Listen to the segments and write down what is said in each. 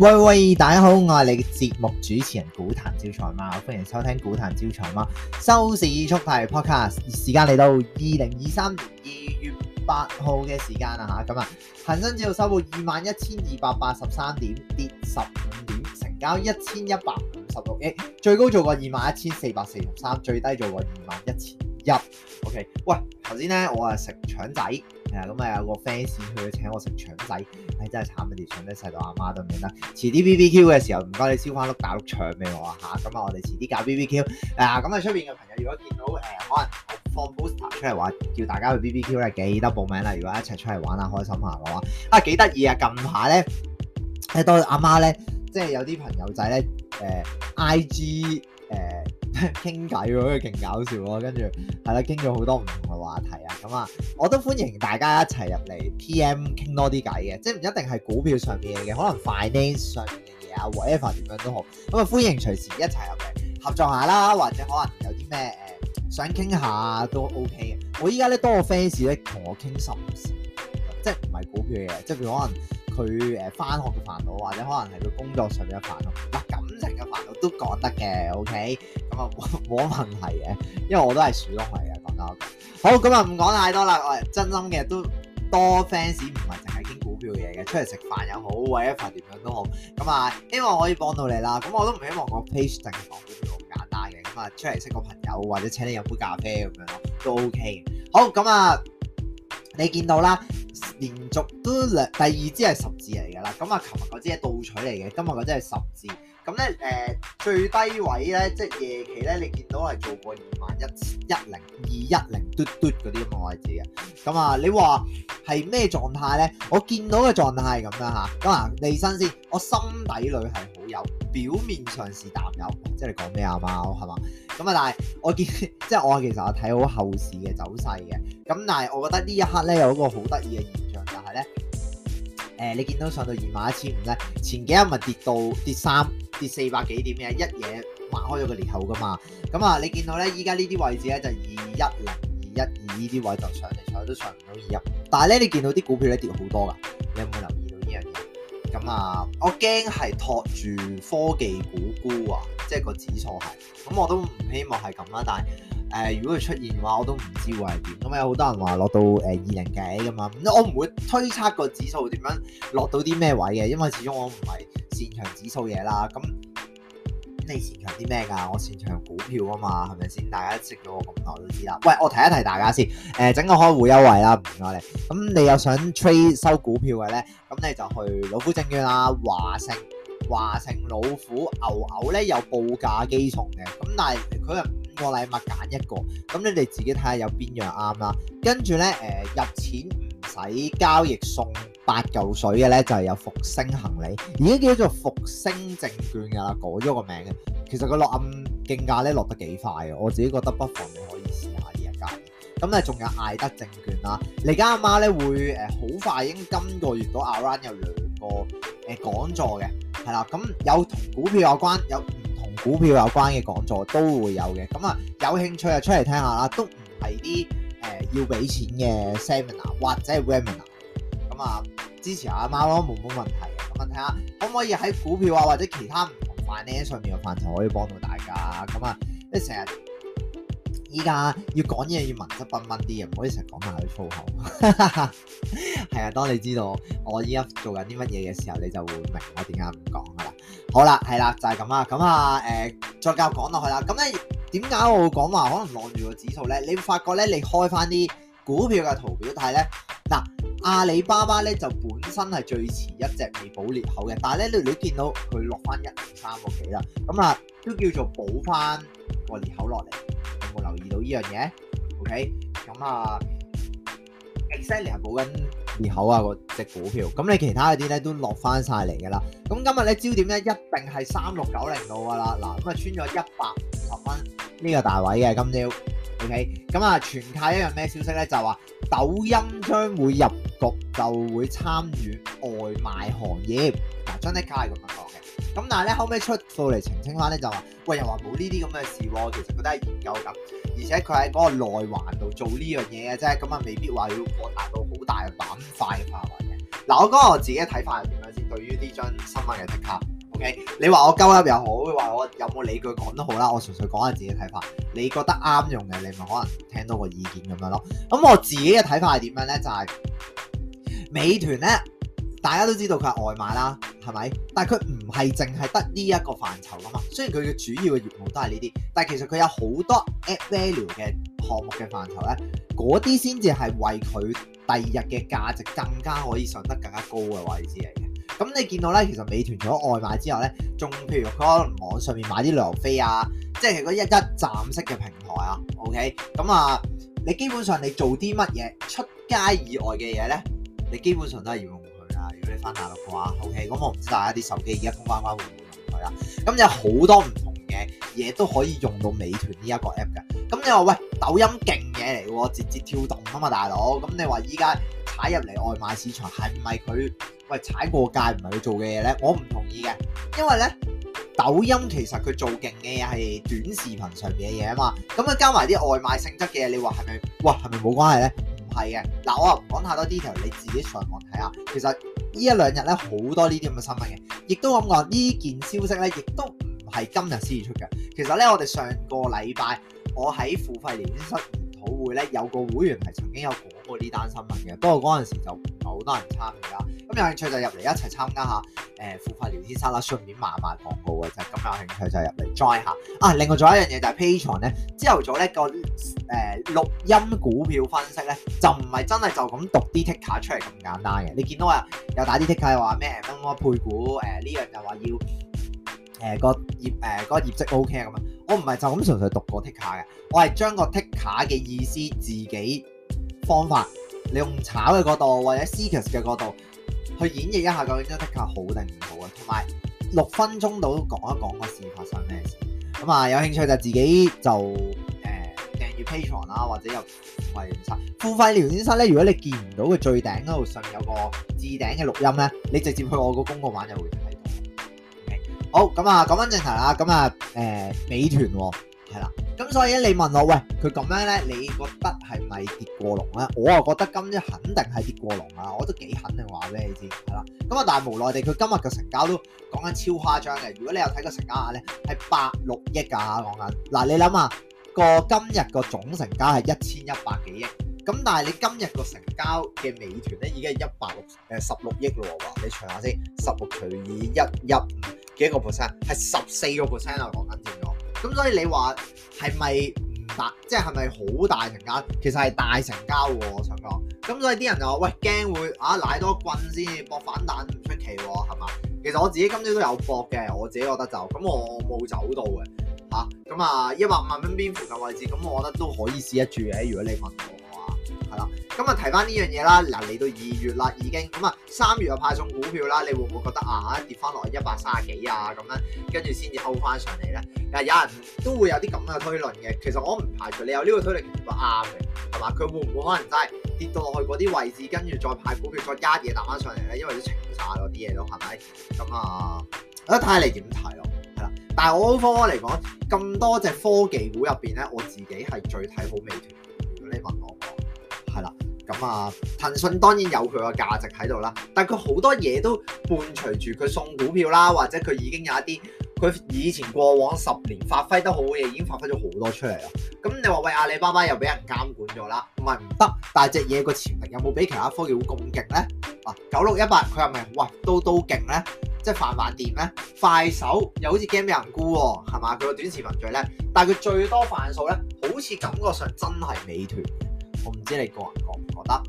喂喂，大家好，我係你嘅節目主持人股壇招財貓，歡迎收聽股壇招財貓收市速遞。podcast。時間嚟到二零二三年二月八號嘅時間啊，吓，咁啊，恒生指數收報二萬一千二百八十三點，跌十五點，成交一千一百五十六億，最高做過二萬一千四百四十三，最低做過二萬一千一。OK，喂，頭先呢，我啊食腸仔。誒咁啊有個 fans 佢請我食腸仔。唉、哎，真係慘啊，啲腸咧細到阿媽都唔記得，遲啲 BBQ 嘅時候唔該你燒翻碌大碌腸俾我啊。嚇，咁啊我哋遲啲搞 BBQ，誒咁啊出邊嘅朋友如果見到誒、呃、可能放 poster 出嚟話叫大家去 BBQ 咧記得報名啦，如果一齊出嚟玩啊開心下嘅話，啊幾得意啊，近排咧誒多阿媽咧，即係有啲朋友仔咧誒、呃、IG 誒、呃。傾偈喎，勁搞笑咯，跟住係啦，傾咗好多唔同嘅話題啊，咁啊，我都歡迎大家一齊入嚟 PM 傾多啲偈嘅，即唔一定係股票上面嘅嘢，可能 finance 上面嘅嘢啊，whatever 點樣都好，咁啊歡迎隨時一齊入嚟合作下啦，或者可能有啲咩、呃、想傾下都 OK 嘅。我依家咧多個 fans 咧同我傾心事，即唔係股票嘅，即係譬如可能佢返翻學嘅煩惱，或者可能係佢工作上面嘅煩惱，成嘅煩惱都講得嘅，OK，咁啊冇冇問題嘅，因為我都係樹窿嚟嘅。講得好。咁啊，唔講太多啦，我係真心嘅，都多 fans 唔係淨係傾股票嘢嘅，出嚟食飯又好，或者飯點樣都好，咁啊希望可以幫到你啦。咁我都唔希望個 page 淨係講股票咁簡單嘅，咁啊出嚟識個朋友或者請你飲杯咖啡咁樣咯，都 OK 嘅。好，咁啊，你見到啦，連續都兩，第二支係十字嚟嘅啦，咁啊琴日嗰支係倒鎚嚟嘅，今日嗰支係十字。咁咧，誒、呃、最低位咧，即係夜期咧，你見到係做過二萬一千一零、二一零嘟嘟嗰啲咁嘅位置嘅。咁啊，你話係咩狀態咧？我見到嘅狀態係咁樣吓。咁啊，利申先，我心底裏係好友，表面上是淡友，即係你講咩啊貓？貓係嘛？咁啊，但係我見，即係我其實我睇好後市嘅走勢嘅。咁但係我覺得呢一刻咧有一個好得意嘅現象就係呢，就係咧。誒、呃，你見到上到二萬一千五咧，前幾日咪跌到跌三跌四百幾點嘅，一嘢擘開咗個裂口噶嘛。咁啊，你見到咧，依家呢啲位置咧就二一零二一二呢啲位就上嚟，上去都上唔到二一。但係咧，你見到啲股票咧跌好多噶，你有冇留意到呢樣嘢？咁啊，我驚係托住科技股估啊，即係個指數係。咁我都唔希望係咁啦，但係。誒、呃，如果佢出現嘅話，我都唔知會係點，咁有好多人話落到誒二零幾噶嘛，我唔會推測個指數點樣落到啲咩位嘅，因為始終我唔係擅長指數嘢啦。咁你擅長啲咩啊？我擅長股票啊嘛，係咪先？大家識咗我咁耐都知啦。喂，我提一提大家先。誒、呃，整個開戶優惠啦，唔該你。咁你又想 trade 收股票嘅咧，咁你就去老虎證券啦。華盛華盛，華盛，華盛老虎牛牛咧有報價機送嘅。咁但係佢又～個禮物揀一個，咁你哋自己睇下有邊樣啱啦。跟住咧，誒入錢唔使交易送八嚿水嘅咧，就係有復星恒利，而家叫做復星證券噶啦，改咗個名嘅。其實個落暗競價咧落得幾快嘅，我自己覺得不妨你可以試下呢一間。咁咧仲有艾德證券啦，你而家阿媽咧會誒好快已經今個月到阿 Run 有兩個誒講座嘅，係啦，咁有同股票有關有。股票有關嘅講座都會有嘅，咁啊有興趣就出嚟聽下啦，都唔係啲誒要俾錢嘅 seminar 或者係 webinar，咁啊支持阿貓咯，冇冇問題，咁問睇下可唔可以喺股票啊或者其他唔同 finance 上面嘅範疇可以幫到大家，咁啊即係成日。依家要講嘢要文質彬彬啲嘅，唔可以成日講埋啲粗口。係 啊，當你知道我依家做緊啲乜嘢嘅時候，你就會明我點解唔講噶啦。好啦，係啦，就係咁啦。咁啊、欸、再繼續講落去啦。咁咧點解我會講話可能望住個指數咧？你會發覺咧，你開翻啲股票嘅圖表睇咧，嗱阿里巴巴咧就本身係最遲一隻未補裂口嘅，但係咧你你見到佢落翻一零三個幾啦，咁啊都叫做補翻。個裂口落嚟，有冇留意到呢樣嘢？OK，咁啊，Excel 又係補緊裂口啊，嗰隻股票。咁你其他嗰啲咧都落翻晒嚟噶啦。咁今日咧焦點咧一定係三六九零度噶啦，嗱咁啊穿咗一百五十蚊呢個大位嘅今朝 OK，咁啊全卡一樣咩消息咧？就係話抖音將會入局，就會參與外賣行業。嗱真係卡係咁樣講嘅。咁但係咧後尾出到嚟澄清翻咧就話，喂又話冇呢啲咁嘅事喎，我其實佢都係研究緊，而且佢喺嗰個內環度做呢樣嘢嘅啫，咁啊未必要很大的快的話要擴大到好大嘅板塊範圍嘅。嗱，我講我自己嘅睇法係點樣，先對於呢張新聞嘅即刻，OK？你話我鳩噏又好，話我，我有冇理據講都好啦，我純粹講下自己嘅睇法。你覺得啱用嘅，你咪可能聽到個意見咁樣咯。咁我自己嘅睇法係點樣咧？就係、是、美團咧。大家都知道佢係外賣啦，係咪？但係佢唔係淨係得呢一個範疇噶嘛。雖然佢嘅主要嘅業務都係呢啲，但係其實佢有好多 add value 嘅項目嘅範疇咧，嗰啲先至係為佢第二日嘅價值更加可以上得更加高嘅位置嚟嘅。咁你見到咧，其實美團除咗外賣之後咧，仲譬如佢可能網上面買啲旅遊飛啊，即係嗰一一站式嘅平台啊。OK，咁啊，你基本上你做啲乜嘢出街以外嘅嘢咧，你基本上都係翻下落嘅話，OK，咁我唔知大家啲手機而家通關翻會唔會用佢啦。咁有好多唔同嘅嘢都可以用到美團呢一個 app 嘅。咁你話喂，抖音勁嘢嚟㗎，字節跳動啊嘛，大佬。咁你話依家踩入嚟外賣市場係咪佢喂踩過界唔係佢做嘅嘢咧？我唔同意嘅，因為咧抖音其實佢做勁嘅嘢係短視頻上面嘅嘢啊嘛。咁佢加埋啲外賣性質嘅嘢，你話係咪？哇，係咪冇關係咧？唔係嘅。嗱，我又唔講太多 detail，你自己上網睇下。其實。呢一兩日咧，好多呢啲咁嘅新聞嘅，亦都咁講呢件消息呢，亦都唔係今日先至出嘅。其實呢，我哋上個禮拜我喺付費聊天室研討會呢，有個會員係曾經有講過呢單新聞嘅，不過嗰陣時候就唔係好多人參與。咁有興趣就入嚟一齊參加下誒富貴聊天室啦，順便賣埋廣告嘅就咁有興趣就入嚟 join 下啊！另外仲有一樣嘢就係 Patreon 咧，之後做咧、那個誒、呃、錄音股票分析咧，就唔係真係就咁讀啲 ticker 出嚟咁簡單嘅。你見到啊，有打啲 ticker 話咩配股呢、呃、樣就話要誒、呃那個呃那個業績 OK 咁樣，我唔係就咁純粹讀個 ticker 嘅，我係將個 ticker 嘅意思自己方法，你用炒嘅角度或者 seekers 嘅角度。去演繹一下究竟真的確好定唔好啊，同埋六分鐘到都講一講個事發生咩事，咁啊有興趣就自己就誒、呃、訂閱 Patreon 啦、啊，或者有付費聊天室，付費聊天室咧，如果你見唔到個最頂嗰度上有個置頂嘅錄音咧，你直接去我個公告版就會睇到。Okay. 好，咁啊講翻正題啦，咁啊誒美團。係啦，咁所以咧，你問我喂，佢咁樣咧，你覺得係咪跌過龍咧？我又覺得今日肯定係跌過龍啦，我都幾肯定話俾你知，係啦。咁啊，但係無奈地，佢今日嘅成交都講緊超誇張嘅。如果你有睇個成交額咧，係百六億噶，講緊嗱，你諗下，個今日個總成交係一千一百幾億，咁但係你今日個成交嘅美團咧，已經係一百六誒十六億咯喎，你除下先，十六除以一一五幾個 percent，係十四個 percent 啊，講緊。咁所以你話係咪唔大，即係係咪好大成交？其實係大成交喎，我想講。咁所以啲人就話：喂，驚會啊，奶多棍先搏反彈唔出奇喎，係咪？其實我自己今朝都有搏嘅，我自己覺得就咁，我冇走到嘅。咁啊，一百萬蚊邊附近嘅位置，咁我覺得都可以試一注嘅。如果你問我。咁啊，提翻呢樣嘢啦，嗱嚟到二月啦，已經咁啊，三月又派送股票啦，你會唔會覺得啊跌翻落去一百三十幾啊咁樣，跟住先至 hold 翻上嚟咧？嗱，有人都會有啲咁嘅推論嘅，其實我唔排除你有呢個推論都啱嘅，係嘛？佢會唔會可能真係跌到落去嗰啲位置，跟住再派股票再加嘢彈翻上嚟咧？因為都清晒咗啲嘢咯，係咪？咁啊，睇下你點睇咯，係啦。但係我科嚟講咁多隻科技股入邊咧，我自己係最睇好美團。如果你問我。咁啊，騰訊當然有佢個價值喺度啦，但係佢好多嘢都伴隨住佢送股票啦，或者佢已經有一啲佢以前過往十年發揮得好嘅嘢，已經發揮咗好多出嚟啦。咁你話喂，阿里巴巴又俾人監管咗啦，唔係唔得，但係隻嘢個潛力有冇比其他科技股咁勁咧？哇，九六一八佢係咪喂，都都勁咧？即係繁繁掂咧？快手又好似驚俾人沽喎，哦，係嘛？佢個短視頻最叻，但係佢最多犯數咧，好似感覺上真係美團。我唔知你個人覺唔覺得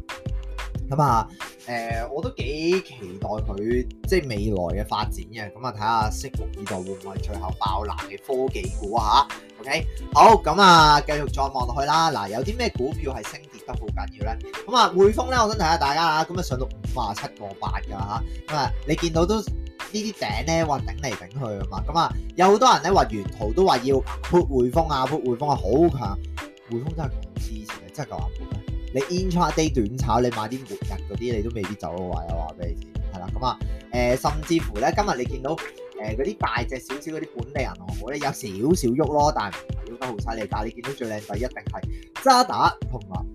咁啊？誒、呃，我都幾期待佢即係未來嘅發展嘅。咁啊，睇下升幅二度會唔會最後爆冷嘅科技股啊？OK，好，咁啊，繼續再望落去啦。嗱，有啲咩股票係升跌得好緊要咧？咁啊，匯豐咧，我想睇下大家啊。咁啊，上到五啊七個八噶啦。咁啊，你見到都呢啲頂咧話頂嚟頂去啊嘛。咁啊，有好多人咧話沿途都話要潑匯豐啊，潑匯豐啊，好強，匯豐真係強至極。即係舊版股咧，你 intraday 短炒，你買啲末日嗰啲，你都未必走到位。話俾你知，係啦，咁啊，誒，甚至乎咧，今日你見到誒嗰啲大隻少少嗰啲本地銀行咧，我覺得有少少喐咯，但係唔係喐得好犀利。但係你見到最靚仔一定係渣打同埋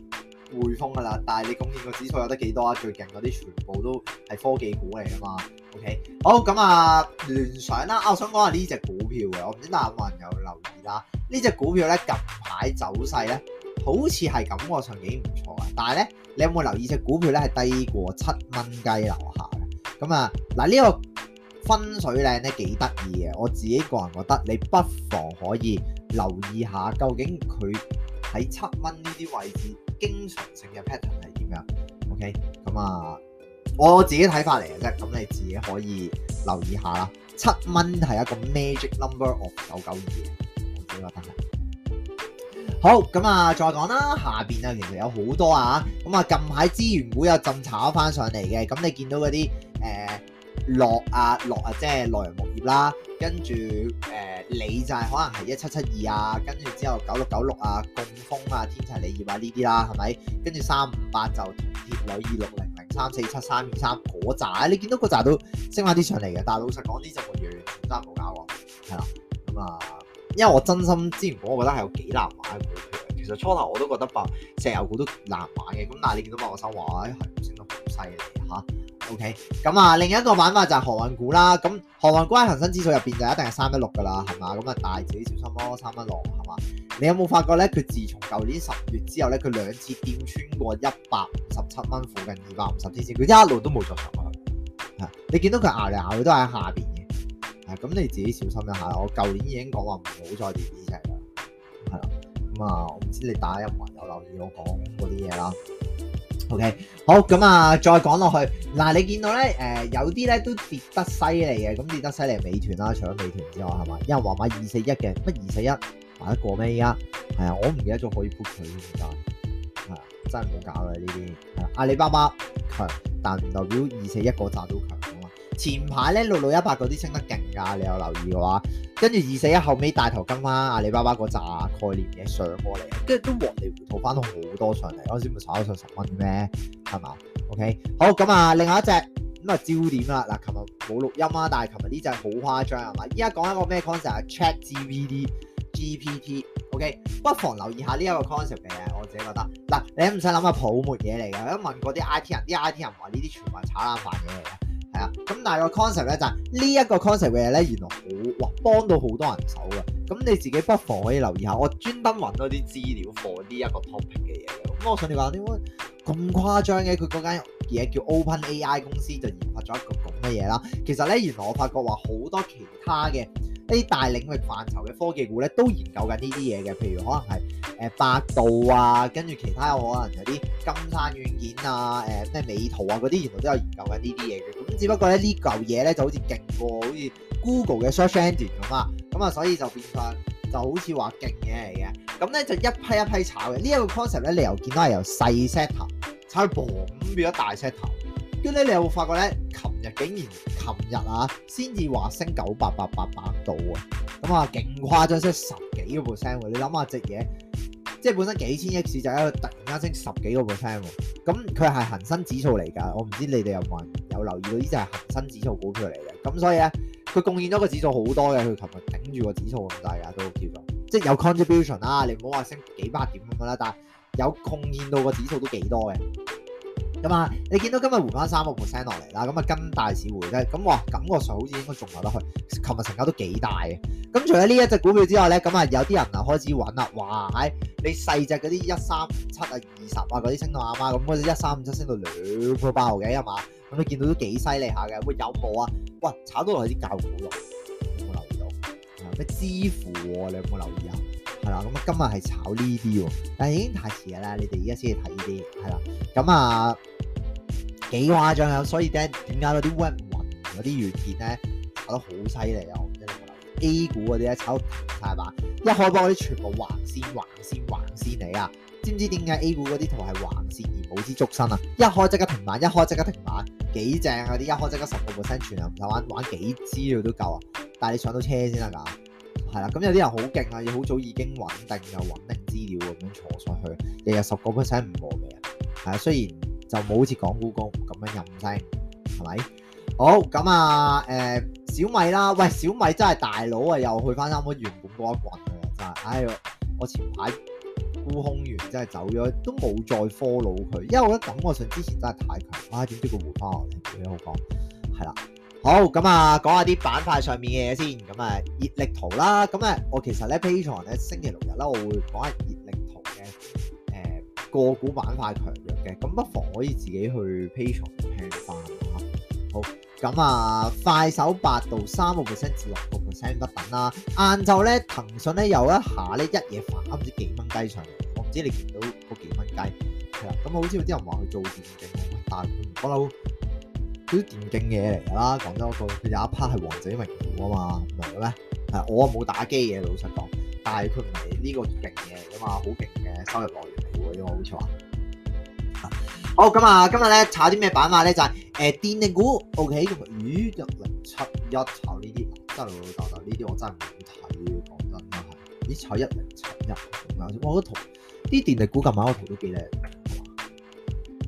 匯豐噶啦。但係你貢獻個指數有得幾多啊？最近嗰啲全部都係科技股嚟㗎嘛。OK，好，咁啊，聯想啦，啊，我想講下呢隻股票嘅，我唔知大家有冇人有留意啦。呢隻股票咧，近排走勢咧。好似係感覺上幾唔錯啊！但係咧，你有冇留意隻股票咧係低過七蚊雞樓下嘅？咁啊，嗱、這、呢個分水嶺咧幾得意嘅，我自己個人覺得，你不妨可以留意下，究竟佢喺七蚊呢啲位置經常性嘅 pattern 係點樣？OK，咁啊，我自己睇法嚟嘅啫，咁你自己可以留意下啦。七蚊係一個 magic number of 九九二，我自己覺得。好咁啊，再講啦，下邊啊，其實有好多啊，咁啊，近排資源股有浸炒翻上嚟嘅，咁你見到嗰啲誒，洛啊洛啊，即係洛陽鉬業啦，跟住誒，鋰、呃、就係、是、可能係一七七二啊，跟住之後九六九六啊，贛鋒啊，天齊鋰業些啊呢啲啦，係咪？跟住三五八就同天女二六零零三四七三二三嗰扎，你見到嗰扎都升翻啲上嚟嘅，但係老實講呢隻個月唔爭唔咬喎，係啦，咁啊。因為我真心之前講，我覺得係有幾難玩。其實初頭我都覺得白石油股都難玩嘅。咁但係你見到白我手話，係唔成得好犀利。嚇、啊。OK，咁啊另一個玩法就係航運股啦。咁航運股喺恒生指數入邊就一定係三一六㗎啦，係嘛？咁啊大自己小心咯，三一六係嘛？你有冇發覺咧？佢自從舊年十月之後咧，佢兩次掂穿過一百五十七蚊附近二百五十天線，佢一路都冇再上去。嚇！你見到佢捱嚟捱去都喺下邊。咁、啊、你自己小心一下。我舊年已經講話唔好再跌呢隻啦，係啦。咁啊，我唔知你打一環有留意我講嗰啲嘢啦。OK，好，咁啊，再講落去嗱、啊，你見到咧、呃、有啲咧都跌得犀利嘅，咁跌得犀利美團啦。除咗美團之外，係嘛？因為話買二四一嘅乜二四一買得過咩？依家係啊，我唔記得咗可以沽佢先得，係真係冇搞嘅呢啲。係阿里巴巴強，但唔代表二四一個站都強。前排咧六六一八嗰啲升得勁㗎，你有留意嘅話，跟住二四一後尾大頭跟翻阿里巴巴嗰紮概念嘅上過嚟，跟住都往地胡回吐翻到好多上嚟，嗰陣時咪炒咗上十蚊嘅咩？係嘛？OK，好咁、嗯嗯、啊，另外一隻咁啊焦點啦，嗱，琴日冇錄音啊，但係琴日呢隻好誇張係嘛？依家講一個咩 concept 啊？Chat GPD，GPT，OK，不妨留意下呢一個 concept 嘅，我自己覺得嗱，你唔使諗下泡沫嘢嚟㗎，我問過啲 IT 人，啲 IT 人話呢啲全部炒冷飯嘢嚟嘅。咁但係個 concept 咧就係呢一個 concept 嘅嘢咧，原來好哇，幫到好多人手嘅。咁你自己不妨可以留意下，我專登揾多啲資料貨呢一個 topic 嘅嘢嘅。咁我想你話點解咁誇張嘅？佢嗰間嘢叫 OpenAI 公司就研發咗一個咁嘅嘢啦。其實咧，原來我發覺話好多其他嘅一啲大領域範疇嘅科技股咧，都研究緊呢啲嘢嘅。譬如可能係誒百度啊，跟住其他可能有啲金山軟件啊、誒、呃、咩美圖啊嗰啲，原來都有研究緊呢啲嘢嘅。只不過咧，呢嚿嘢咧就好似勁過，好似 Google 嘅 Search Engine 咁啊，咁啊所以就變翻就好似話勁嘢嚟嘅。咁咧就一批一批炒嘅，呢一個 concept 咧，你又見到係由細 set 頭炒到磅變咗大 set 頭。跟住咧，你有冇發覺咧？琴日竟然琴日啊，先至話升九百八八百度啊，咁啊勁誇張，升十幾個 percent。你諗下隻嘢。即係本身幾千億市就喺度突然間升十幾個 percent 咁佢係恒生指數嚟㗎，我唔知你哋有冇人有留意到呢？即係恒生指數股票嚟嘅，咁所以咧，佢貢獻咗個指數好多嘅，佢琴日頂住個指數咁大家都叫做，即係有 contribution 啦，你唔好話升幾百點咁樣啦，但係有貢獻到個指數都幾多嘅。啊嘛，你見到今日回翻三個 percent 落嚟啦，咁啊跟大市回咧，咁哇感覺上好似應該仲落得去。琴日成交都幾大嘅，咁除咗呢一隻股票之外咧，咁啊有啲人啊開始揾啦，哇係你細隻嗰啲一三五七啊二十啊嗰啲升到阿媽，媽，咁嗰啲一三五七升到兩個包嘅啊嘛，咁你見到都幾犀利下嘅，會有冇啊？喂，有有啊、哇炒到落去啲舊股落，有冇留意到？咩、嗯、支付喎、啊？你有冇留意啊？係啦，咁今日係炒呢啲喎，但係已經太遲㗎啦，你哋而家先係睇呢啲，係啦，咁啊。幾誇張啊！所以點解嗰啲 o n 雲嗰啲軟件咧炒得好犀利啊！A 股嗰啲咧炒到停晒板，一開波嗰啲全部橫線、橫線、橫線嚟啊！知唔知點解 A 股嗰啲圖係橫線而冇支足身啊？一開即刻停板，一開即刻停板，幾正啊！啲一開即刻十個 percent，全日唔使玩玩幾支料都夠啊！但係你上到車先啦，係啦。咁有啲人好勁啊，要好早已經穩定又穩定資料咁樣坐上去，日日十個 percent 唔過嘅。啊，雖然。就冇好似港股公咁樣任性，係咪？好咁啊，欸，小米啦，喂，小米真係大佬啊，又去翻三蚊原本嗰一棍啊！真係，哎，我前排沽空完真係走咗，都冇再 follow 佢，因為我覺得感覺上之前真係太強，哇！點知佢回翻我，有咩好講？係啦，好咁啊，講下啲板塊上面嘅嘢先，咁啊熱力圖啦，咁啊我其實咧 Patreon 咧星期六日呢，我會講下熱力圖嘅。個股板塊強弱嘅，咁不妨可以自己去 Patreon 聽翻啊。好咁啊，快手8、百度三個 percent 至六個 percent 不等啦。晏晝咧，騰訊咧又一下咧一夜翻啱唔知幾蚊雞上嚟，我唔知你見到個幾蚊雞。係啦，咁好似有啲人話去做電競，但係佢唔不嬲，佢啲電競嘢嚟噶啦。廣州嗰個佢有一 part 係王者榮耀啊嘛，唔係嘅咩？係我冇打機嘅，老實講，但係佢唔係呢個勁嘢噶嘛，好勁嘅收入來冇錯、嗯、啊！好咁啊，今日咧炒啲咩板塊咧就係誒電力股，OK。咦，一零七一炒呢啲真老老豆豆呢啲我真唔睇，講真啊，呢炒一零七一，我覺得同啲電力股近排我圖都幾靚，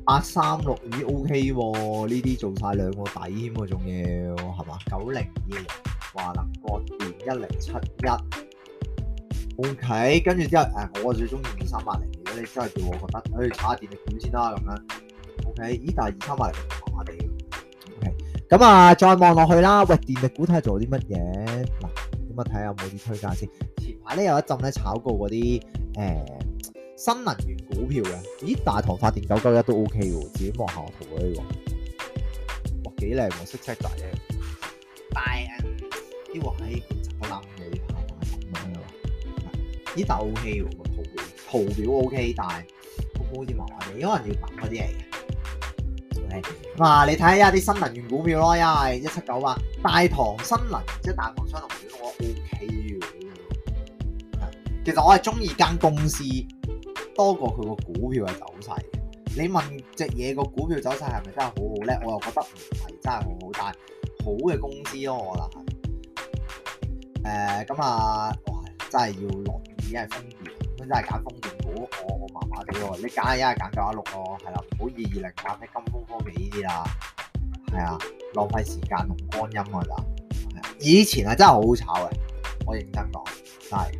八三六咦 O K，呢啲做晒兩個底添啊，仲要係嘛？九零二零，華能國電一零七一，O K。跟住之後誒，我最中意二三八零。真係叫我覺得，去查下電力股先啦咁樣。O K，咦？但係二三賣嚟麻麻地嘅。O K，咁啊，再望落去啦。喂，電力股睇下做啲乜嘢？嗱，咁啊睇下有冇啲推介先。前排咧有一陣咧炒過嗰啲誒新能源股票嘅。咦？大唐發電九九一都 O K 喎，自己望下圖呢個。哇，幾靚喎，h 漆 c k 大 N，啲個係個藍嘅，下邊冇嘅喎。依豆氣喎。圖表 O、OK, K，但、啊、看看股股好似麻麻地，因為要等嗰啲嚟嘅。嗱，你睇下啲新能源股票咯，一係一七九八，大唐新能源即係大唐昌隆股，我 O、OK、K 其實我係中意間公司多過佢個股票嘅走勢。你問隻嘢個股票走勢係咪真係好好咧？我又覺得唔係真係好好，但係好嘅公司咯，我嗱係。誒，咁啊，哇！真係要落雨，係風雨。真係揀風電股，我我麻麻地喎。你揀一係揀九一六喎，係啦，唔好二二零揀啲金風科技呢啲啦，係啊，浪費時間同光陰啊，就以前係真係好炒嘅，我認真講，但係。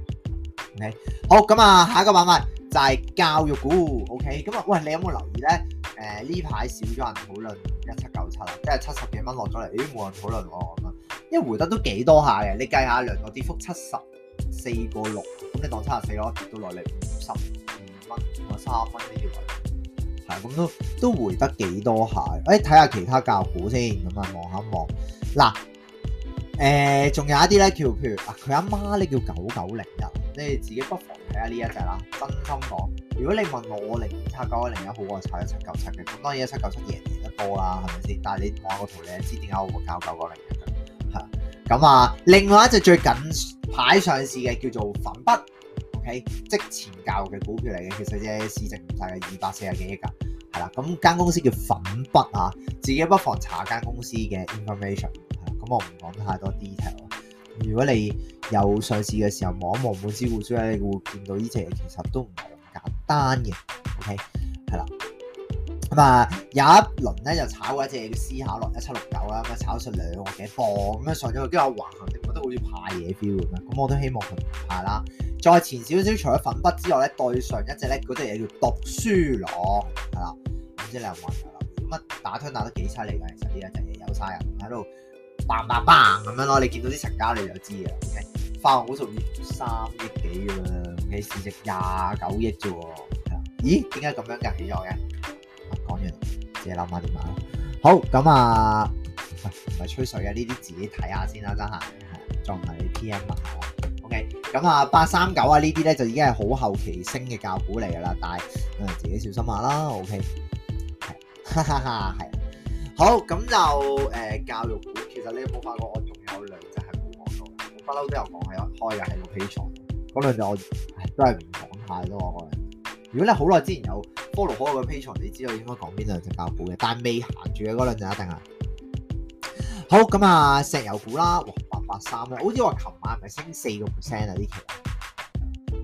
OK，好咁啊，下一個板塊，就係教育股。OK，咁啊，喂，你有冇留意咧、呃？誒，呢排少咗人討論一七九七啦，即係七十幾蚊落咗嚟，已經冇人討論我啦。一回得都幾多下嘅，你計下兩個跌幅七十四個六。你當七十四咯，跌到落嚟五十蚊五啊三分都要，係咁都都回得幾多下？誒、欸，睇下其他教股先咁啊，望下望。嗱，誒，仲、呃、有一啲咧叫，譬如啊，佢阿媽咧叫九九零一，你哋自己不妨睇下呢一隻啦。真心講，如果你問我，我零七九一零一好過炒一七九七嘅，咁當然一七九七贏贏得多啦，係咪先？但係你望下個圖，你知點解我會教九九零一嘅？吓，咁啊，另外一隻最緊。牌上市嘅叫做粉筆，OK，即前教育嘅股票嚟嘅，其實隻市值唔大概二百四十幾億噶，係啦。咁間公司叫粉筆啊，自己不妨查間公司嘅 information，係啦，咁我唔講太多 detail。如果你有上市嘅時候，望望本招股書咧，你會見到呢隻嘢其實都唔係咁簡單嘅，OK，係啦。咁啊有一輪咧就炒嗰隻思考樂一七六九啦，咁啊炒出兩個幾貨，咁啊上咗去跟住橫行。都好似怕嘢 feel 咁啊！咁我都希望佢唔怕啦。再前少少，除咗粉筆之外咧，對上一隻咧，嗰隻嘢叫讀書郎，係啦。唔知你有冇留意？咁乜打聽打得幾犀利噶？其實呢一隻嘢有晒人喺度 bang bang bang 咁樣咯。你見到啲成交，你就知嘅。花王好熟，三億幾噶啦，佢市值廿九億啫。咦？點解咁樣噶？起咗嘅？講完，自己諗下點啊？好，咁啊，唔係吹水嘅，呢啲自己睇下先啦，真係。當係 P.M. 啊，OK，咁啊八三九啊呢啲咧就已經係好後期升嘅教股嚟噶啦，但係誒自己小心下啦，OK，哈哈哈，係， 好，咁就誒、呃、教育股，其實你有冇發覺我有、就是、我有 Patreon，我我覺我仲有兩隻係冇講到，不嬲都有講開開嘅係個 Patreon，嗰兩隻我都係唔講太多。如果你好耐之前有 follow 開個 Patreon 你知道你應該講邊兩隻教股嘅，但係未行住嘅嗰兩隻一定啊。好，咁啊，石油股啦，哦八三咧，好似話琴晚係咪升四個 percent 啊？啲期，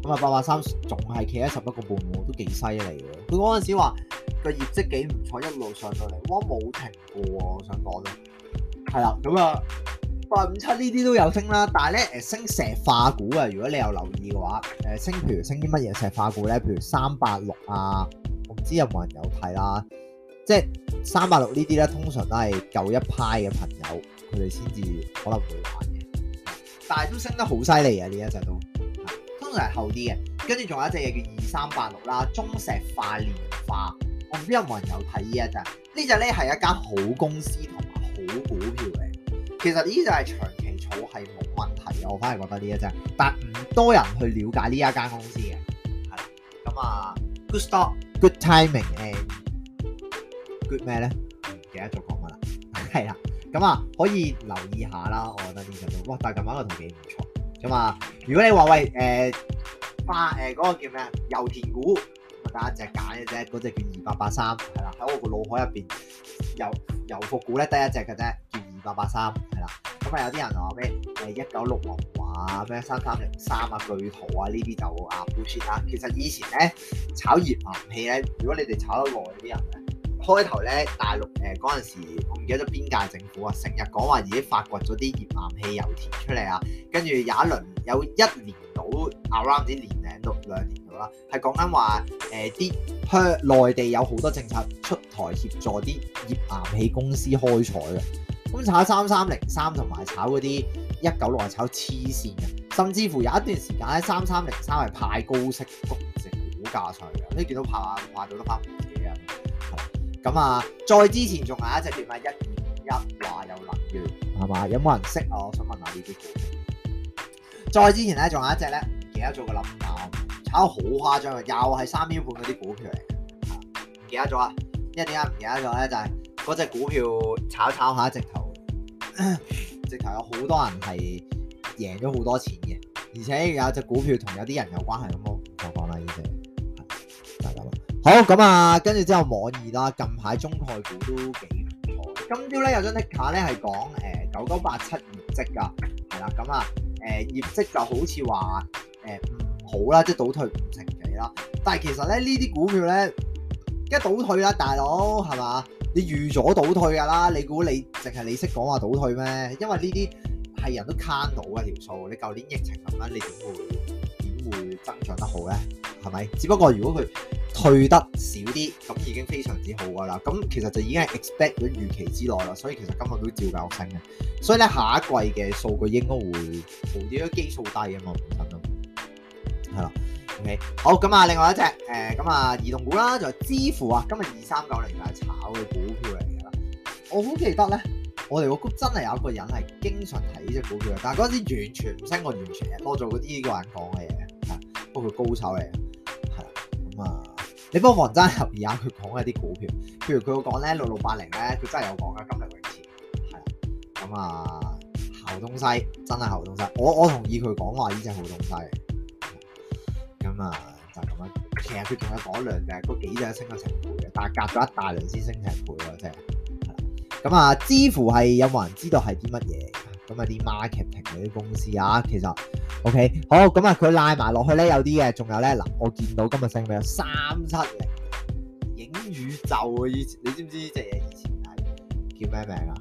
咁啊八八三仲係企喺十一個半喎，都幾犀利嘅。佢嗰陣時話個業績幾唔錯，一路上到嚟，哇冇停過啊！我想講咧，係啦，咁啊八五七呢啲都有升啦，但係咧誒升石化股啊，如果你有留意嘅話，誒、呃、升譬如升啲乜嘢石化股咧，譬如三八六啊，我唔知有冇人有睇啦？即係三八六呢啲咧，通常都係舊一派嘅朋友，佢哋先至可能會玩。但係都升得好犀利啊！呢一隻都通常係後啲嘅，跟住仲有一隻嘢叫二三八六啦，中石化煉化。我唔知有冇人有睇呢一隻？呢隻咧係一間好公司同埋好股票嘅。其實呢隻係長期儲係冇問題嘅，我反而覺得呢一隻，但係唔多人去了解呢一間公司嘅。係咁啊，good stop, good timing，誒，good 咩咧？記得做講乜啦？係啊。咁啊，可以留意下啦。我覺得呢實隻都哇，但係近排個都幾唔錯。咁啊，如果你話喂誒，買誒嗰個叫咩油田股，咁得一隻揀一啫。嗰隻叫二八八三，係啦。喺我個腦海入邊，油油服股咧得一隻嘅啫，叫二八八三，係啦。咁、欸、啊，有啲人話咩誒一九六六啊，咩三三零三啊，巨濤啊，呢啲就啊 push 啦、啊。其實以前咧炒熱門股咧，如果你哋炒得耐啲人。開頭咧大陸誒嗰陣時，我唔記得咗邊屆政府啊，成日講話自己發掘咗啲頁岩氣油田出嚟啊，跟住有一輪有一年到 around 啲年零到兩年到啦，係講緊話誒啲內地有好多政策出台協助啲頁岩氣公司開採啊。咁炒三三零三同埋炒嗰啲一九六啊，炒黐線嘅，甚至乎有一段時間咧三三零三係派高息股成股價上去嘅，可以見到派啊派到得翻。咁啊，再之前仲有一隻叫咩一五一話有能源，係嘛？有冇人識啊？我想問下呢啲股票。再之前咧，仲有一隻咧，唔記得咗個林蛋，炒得好誇張嘅，又係三蚊半嗰啲股票嚟嘅。唔記得咗啊？一點解唔記得咗咧？就係嗰隻股票炒炒下，直頭，直頭有好多人係贏咗好多錢嘅，而且有隻股票同有啲人有關係咁。好咁啊，跟住之後網易啦，近排中概股都幾唔錯。今朝咧有張貼卡咧係講誒九九八七業績噶，係啦咁啊，誒、呃、業績就好似話誒唔好啦，即、就、係、是、倒退五成幾啦。但係其實咧呢啲股票咧一倒退啦，大佬係嘛？你預咗倒退噶啦，你估你淨係你識講話倒退咩？因為呢啲係人都慳到嘅條數。你舊年疫情咁啦，你點會點會增長得好咧？係咪？只不過如果佢退得少啲，咁已經非常之好噶啦。咁其實就已經係 expect 咗預期了之內啦。所以其實今日都照夠升嘅。所以咧下一季嘅數據應該會好啲，因為基數低嘅。我唔信咯。係啦，OK。好咁啊，另外一隻誒咁啊移動股啦，就係支付啊。今日二三九零就係炒嘅股票嚟嘅啦。我好記得咧，我哋個 group 真係有一個人係經常睇呢隻股票嘅，但係嗰陣時完全唔識我，完全係多做嗰啲人講嘅嘢嚇。不過佢高手嚟嘅，係啦咁啊。你幫黃合入耳，佢講一啲股票，譬如佢講咧六六八零咧，佢真係有講嘅，今日維持，係啊，咁啊，好東西，真係好東西，我我同意佢講話呢隻好東西，咁啊就咁樣啦。其實佢仲有講一兩隻嗰幾隻升咗成倍嘅，但係隔咗一大輪先升成倍喎，真係。咁啊，知乎係有冇人知道係啲乜嘢？咁啊啲 marketing 嗰啲公司啊，其實 OK 好，咁啊佢拉埋落去咧有啲嘅，仲有咧嗱，我見到今日升到三七零影宇宙啊。以前你知唔知呢隻嘢以前係叫咩名啊？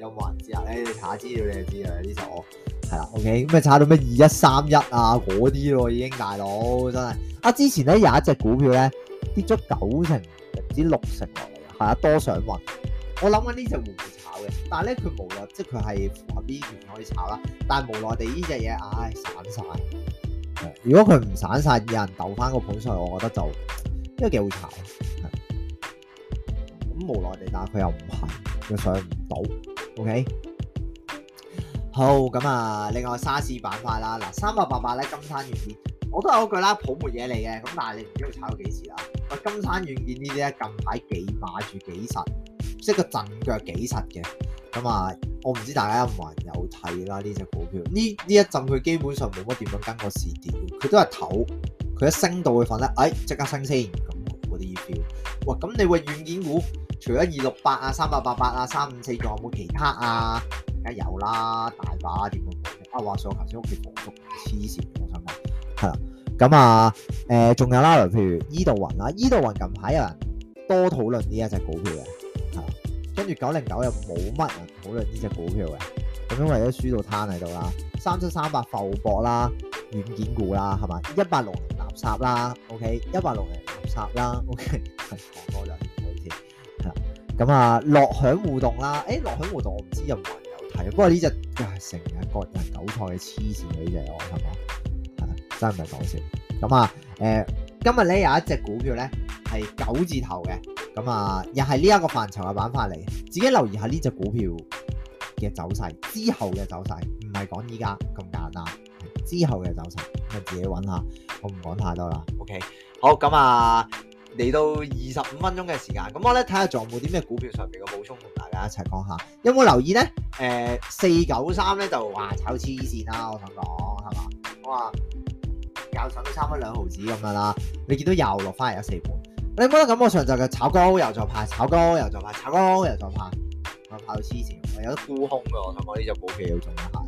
有冇人知啊？你查下資料你就知啦，呢隻我係啦，OK 咁啊，查到咩二一三一啊，嗰啲咯已經大佬真係啊，之前咧有一隻股票咧跌咗九成，唔知六成落嚟，係啊，多想運，我諗緊呢隻。但係咧，佢無奈，即係佢係符合呢件可以炒啦。但係無奈地，呢隻嘢，唉，散晒。如果佢唔散晒，有人鬥翻個盤出嚟，我覺得就應該幾好炒的。咁無奈地，但係佢又唔係，佢上唔到。OK，好咁啊。另外，沙士板塊啦，嗱，三百八八咧，金山軟件，我都係嗰句啦，泡沫嘢嚟嘅。咁但係你唔知道炒咗幾次啦。但金山軟件呢啲咧，近排幾馬住幾神。即係個陣腳幾實嘅。咁啊，我唔知大家有冇人有睇啦呢隻股票。呢呢一陣佢基本上冇乜點樣跟個市點，佢都係唞。佢一升到佢份咧，哎即刻升先咁嗰啲 feel 哇，咁你話軟件股除咗二六八啊、三八八八啊、三五四仲有冇其他啊？梗係有啦，大把住、啊。啊話上頭先屋企房叔黐線。我想問，係啦，咁啊，誒、呃、仲有啦，譬如依度雲啦，依度雲近排有人多討論呢一隻股票嘅。跟住九零九又冇乜人討論呢隻股票嘅。咁樣為咗輸到攤喺度啦，三七三八浮博啦，軟件股啦，係嘛？一八六零垃圾啦，OK，一八六零垃圾啦，OK，講多兩句，唔好意思，係啦。咁、OK? 啊，樂、OK? 享 互動啦，誒，樂享互動我唔知有冇人有睇，不過呢隻又係成日割人韭菜嘅黐線嘅呢隻我聽講， 真係唔係講笑。咁啊，誒、呃，今日咧有一隻股票咧係九字頭嘅。咁啊，又係呢一個範疇嘅玩法嚟，自己留意下呢隻股票嘅走勢，之後嘅走勢，唔係講依家咁簡單，之後嘅走勢，咁啊自己搵下，我唔講太多啦，OK，好，咁啊嚟到二十五分鐘嘅時間，咁我咧睇下仲有冇啲咩股票上邊嘅補充同大家一齊講下，有冇留意咧？誒、呃，四九三咧就話炒黐線啦，我想講係嘛？哇，又炒到差唔多兩毫子咁樣啦，你見到又落翻嚟一四盤。你冇得咁，我上集嘅炒高又再派，炒高又再派，炒高又再派。我拍到黐線，我有沽空嘅。我同我呢隻武器要一拍。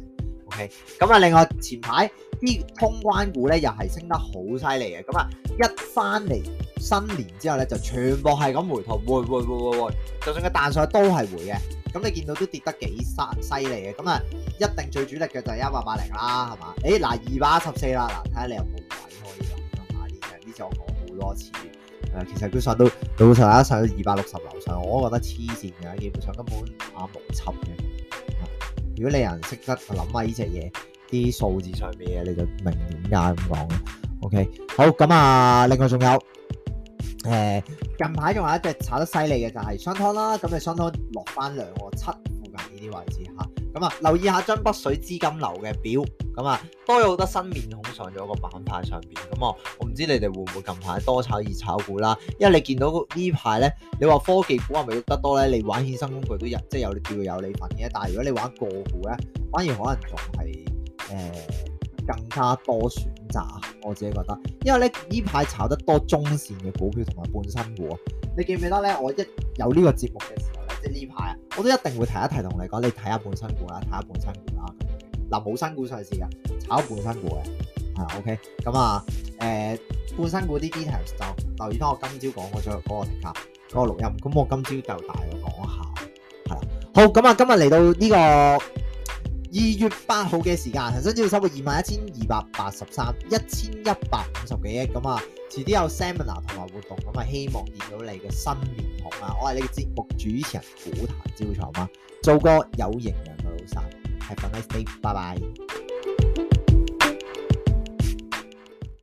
O K，咁啊，另外前排啲、這個、通關股咧，又係升得好犀利嘅。咁啊，一翻嚟新年之後咧，就全部係咁回頭，喂喂喂喂喂，就算個彈上去都係回嘅。咁你見到都跌得幾犀犀利嘅。咁啊，一定最主力嘅就係一八八零啦，係嘛？誒、欸，嗱，二百一十四啦，嗱，睇下你有冇位可以呢隻，下呢隻呢隻我講好多次。誒，其實佢上,上到六十，有一上到二百六十樓上，我都覺得黐線嘅，基本上根本眼無賊嘅。如果你人識得諗下呢隻嘢，啲數字上面嘅，你就明點解咁講 OK，好咁啊，另外仲有誒，近排仲有一隻炒得犀利嘅就係、是、商湯啦，咁啊商湯落翻兩個七。呢啲位置吓，咁啊，啊留意下將北水資金流嘅表，咁啊多咗好多新面孔上咗個板塊上邊，咁、啊、我我唔知你哋會唔會近排多炒熱炒股啦，因為你見到呢排咧，你話科技股係咪喐得多咧？你玩衍生工具都有，即係有啲叫有你份嘅，但係如果你玩個股咧，反而可能仲係誒更加多選擇，我自己覺得，因為咧呢排炒得多中線嘅股票同埋半新股啊，你記唔記得咧？我一有呢個節目嘅時候。即係呢排啊，我都一定會提一提同你講，你睇下半新股啦，睇下半新股啦。嗱、啊，冇新股上市嘅，炒半新股嘅，係、yeah, OK。咁啊，誒，半新股啲 details 就留意翻我今朝講過咗嗰個成交、嗰、嗰個錄音。咁我今朝就大概講下，係啦。好，咁啊，今日嚟到呢、呢個。二月八號嘅時間，騰訊直播收穫二萬一千二百八十三，一千一百五十幾億咁啊，遲啲有 seminar 同埋活動咁啊，希望見到你嘅新面孔啊！我係你嘅節目主持人股壇招財貓啊，做個有營養嘅老細，係 have a nice day 拜拜。